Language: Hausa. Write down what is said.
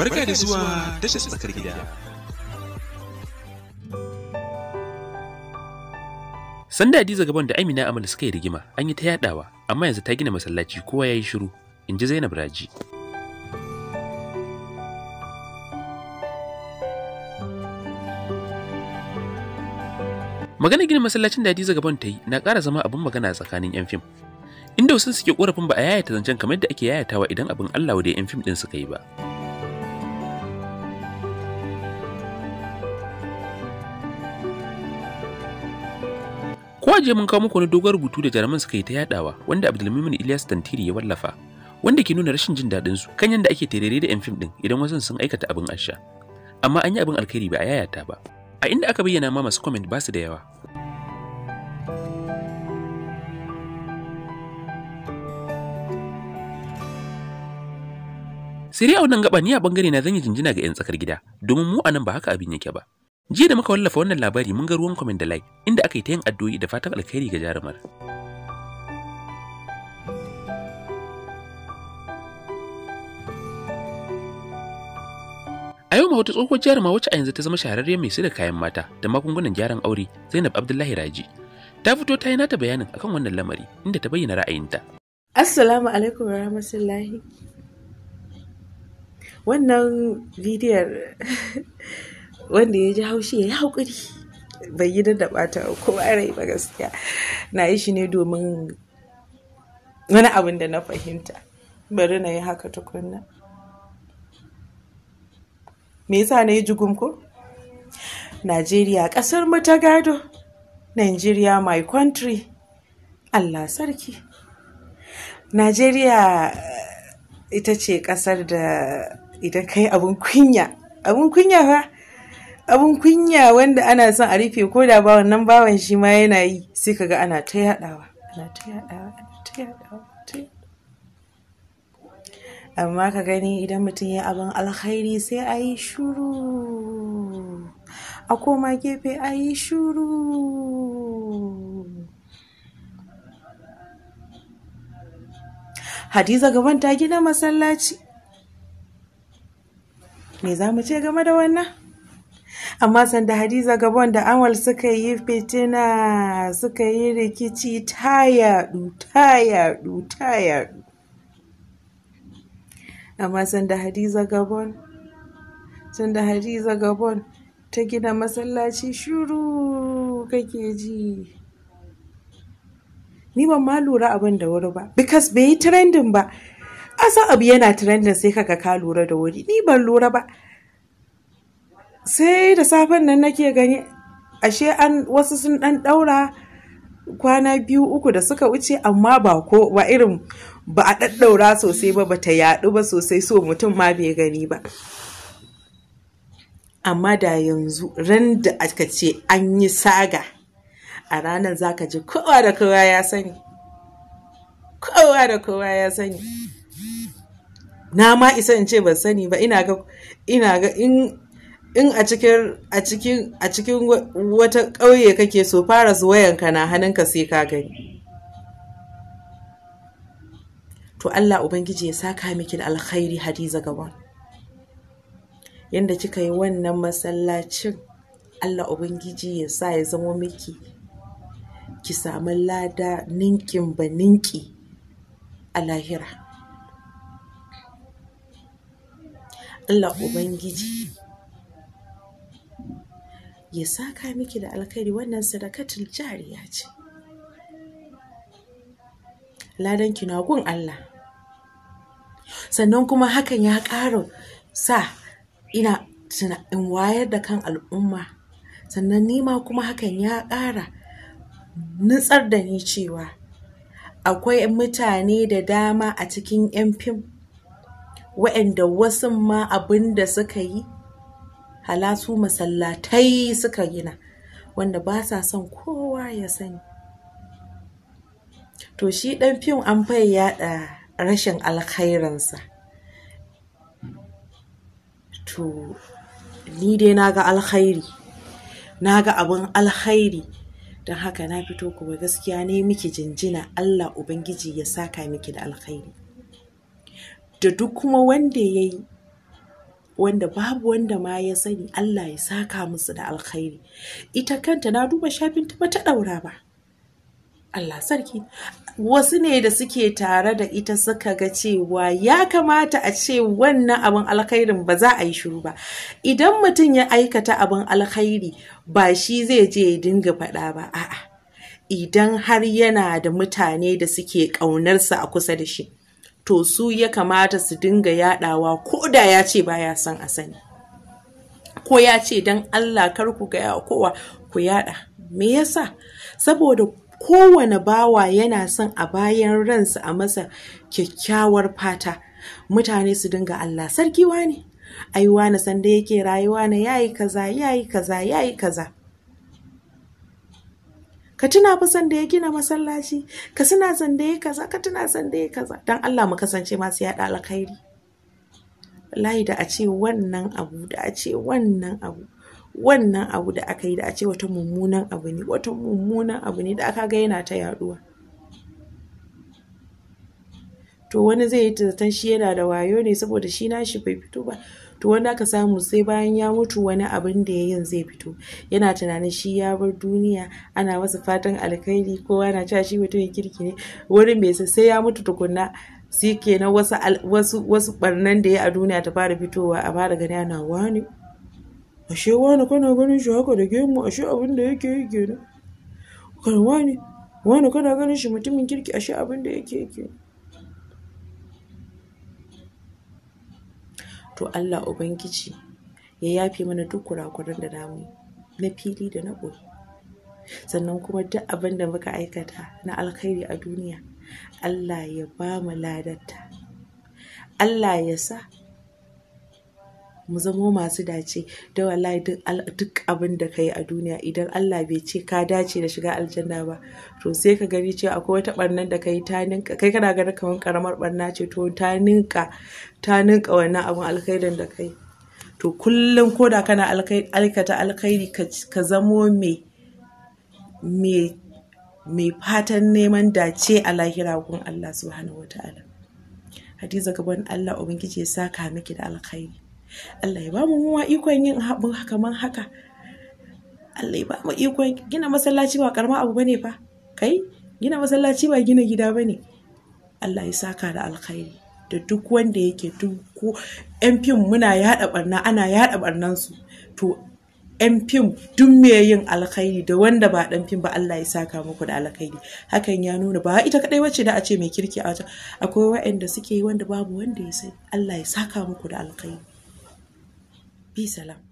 Barka da zuwa tashar tsakar gida. Sanda Hadiza gaban da Amina Amal suka yi rigima, an yi ta yadawa, amma yanzu ta gina masallaci kowa ya yi shiru, in ji Zainab Raji. Magana gina masallacin da Hadiza gaban ta yi na ƙara zama abin magana a tsakanin 'yan fim. Inda wasu suke ƙorafin ba a yayata zancen kamar da ake yayatawa idan abin Allah da 'yan fim ɗin suka yi ba. Ko mun kawo muku wani dogon rubutu da jaruman suka yi ta yadawa wanda Abdulmumin Ilyas Tantiri ya wallafa wanda ke nuna rashin jin daɗin su kan yadda ake terere da yan fim din idan wasan sun aikata abin asha. Amma an yi abin alkhairi ba a yayata ba. A inda aka bayyana ma masu comment ba su da yawa. Sai dai a wannan gaba ni a bangare na zan yi jinjina ga 'yan tsakar gida domin mu a nan ba haka abin yake ba. Jiya da muka wallafa wannan labari mun ga ruwan kwamandalai inda aka yi ta yin addu'o'i da fatan alkhairi ga jarumar. A yau ma wata tsohuwar jaruma wacce a yanzu ta zama shahararriyar mai da kayan mata da magungunan gyaran aure Zainab Abdullahi Raji. Ta fito ta yi nata bayanin akan wannan lamari inda ta bayyana ra'ayinta. Assalamu alaikum rahmatullahi. Wannan bidiyar wanda ya ji haushi ya yi haƙuri bai yi da bata ko rai ba gaskiya na yi shi ne domin wani abin da na fahimta bari na yi haka tukunna me yasa na yi jugum ko najeriya ƙasar mu ta gado nigeria my country allah sarki najeriya eh, ita ce ƙasar da idan kai abin kunya abin kunya ba. abun kunya wanda ana son a rufe ko da ba wannan bawan shi ma yana yi sai kaga ana ta yadawa ana ta yadawa ana ta yadawa amma ka gani idan mutum ya abin alkhairi sai a yi shuru a koma gefe a yi shuru hadiza gaban ta gina masallaci me za mu ce game da wannan amma sanda hadiza gabon da amal suka yi fitina suka yi rikici ta yadu ta yadu ta yadu amma sanda hadiza gabon sanda hadiza gabon ta gina masallaci shuru kake ji ni ban ma lura abin da wuri ba because bai yi trending ba asa abu yana trending sai kaga ka lura da wuri ni ban lura ba sai da safen nan nake gani ashe an wasu sun dan daura kwana biyu uku da suka wuce amma ba ko ba irin ba a daddaura sosai ba bata yadu ba sosai so mutum ma bai gani ba amma da yanzu ran da aka ce an yi saga a ranar zaka ji kowa da kowa ya sani kowa da kowa ya sani na ma isa in ce ban sani ba ina ga ina ga in in a cikin a cikin a cikin wata ƙauye kake so fara wayanka na hannunka sai ka gani to Allah ubangiji ya saka miki alkhairi hadiza gaban yanda kika yi wannan masallacin Allah ubangiji ya sa ya zama miki ki samu lada ninkin ba ninki a lahira Allah ubangiji ya saka miki da alkhairi wannan sadakatul jariya ce ladan na gun Allah sannan kuma hakan ya ƙara sa ina in wayar da kan al'umma sannan nima kuma hakan ya ƙara nutsar da ni cewa akwai mutane da dama a cikin 'yan fim waɗanda wasu ma abin da suka yi halasu masallatai suka gina wanda ba sa son kowa ya sani to shi ɗan fim an fai yaɗa rashin alkhairansa to ni dai na ga alkhairi na ga abin alkhairi don haka na fito kuma gaskiya ne miki jinjina Allah Ubangiji ya saka miki da alkhairi da duk kuma wanda ya yi wanda babu wanda ma ya sani Allah ya saka musu da alkhairi ita kanta na duba shafin ta bata daura ba Allah sarki wasu ne da suke tare da ita suka ga cewa ya kamata a ce wannan abin alkhairin ba za a yi shiru ba idan mutum ya aikata abin alkhairi ba shi zai je ya dinga faɗa ba a'a idan har yana da mutane da suke ƙaunarsa a kusa da shi to su ya kamata su dinga yadawa ko da ya ce baya son a sani ko ya ce don Allah kar ku yaɗa. kowa ku yada me yasa saboda kowane bawa yana son a bayan ransa a masa kyakkyawar fata mutane su dinga Allah sarki wane ai na sanda yake rayuwa na yayi kaza yayi kaza yayi kaza ka tuna fa sanda ya gina masallaci ka suna sanda ya kaza ka tuna sanda ya kaza dan Allah mu kasance masu yaɗa alkhairi wallahi da a ce wannan abu da a ce wannan abu wannan abu da aka yi da a ce wata mummunan abu ne wata mummunan abu ne da aka ga yana ta yaduwa to wani zai yi zaton shi yana da wayo ne saboda shi nashi bai fito ba to wanda aka samu sai bayan ya mutu wani abin da ya yin zai fito yana tunanin shi ya bar duniya ana masa fatan alkhairi kowa na cewa shi mutumin kirki ne wurin bai sai ya mutu tukunna shi kenan wasu wasu wasu barnan da ya a duniya ta fara fitowa a fara gani ana wani ashe wani kana ganin shi haka da gemu ashe abin da yake yi kenan kana wani wani kana ganin shi mutumin kirki ashe abin da yake yi kenan to Allah Ubangiji ya yafe mana duk kurakuran da namu na fili da na ɓoye sannan kuma duk abin da muka aikata na alkhairi a duniya Allah ya ba mu ladatta. Allah ya sa mu zamo masu dace da wallahi duk abin da ka yi a duniya idan Allah bai ce ka dace da shiga aljanna ba to sai ka gani cewa akwai wata barnar da ka ta ninka kai kana ganin kamar karamar barna ce to ta ninka ta ninka wannan abin alkhairin da kai to kullum ko da kana aikata alkhairi ka zamo mai mai fatan neman dace a lahira gun Allah subhanahu wataala Hadiza gaban Allah Ubangiji ya saka miki da alkhairi. Allah ya ba mu ikon yin haɓu kamar haka Allah ya ba mu ikon gina masallaci ba karma abu bane fa kai gina masallaci ba gina gida bane Allah ya saka da alkhairi da duk wanda yake ko yan fim muna yada barna ana yada barnan su to yan fim duk me yin alkhairi da wanda ba ɗan fim ba Allah ya saka muku da alkhairi hakan ya nuna ba ita kadai wacce da a ce mai kirki a wajen akwai wa'anda suke yi wanda babu wanda ya sani Allah ya saka muku da alkhairi بسلام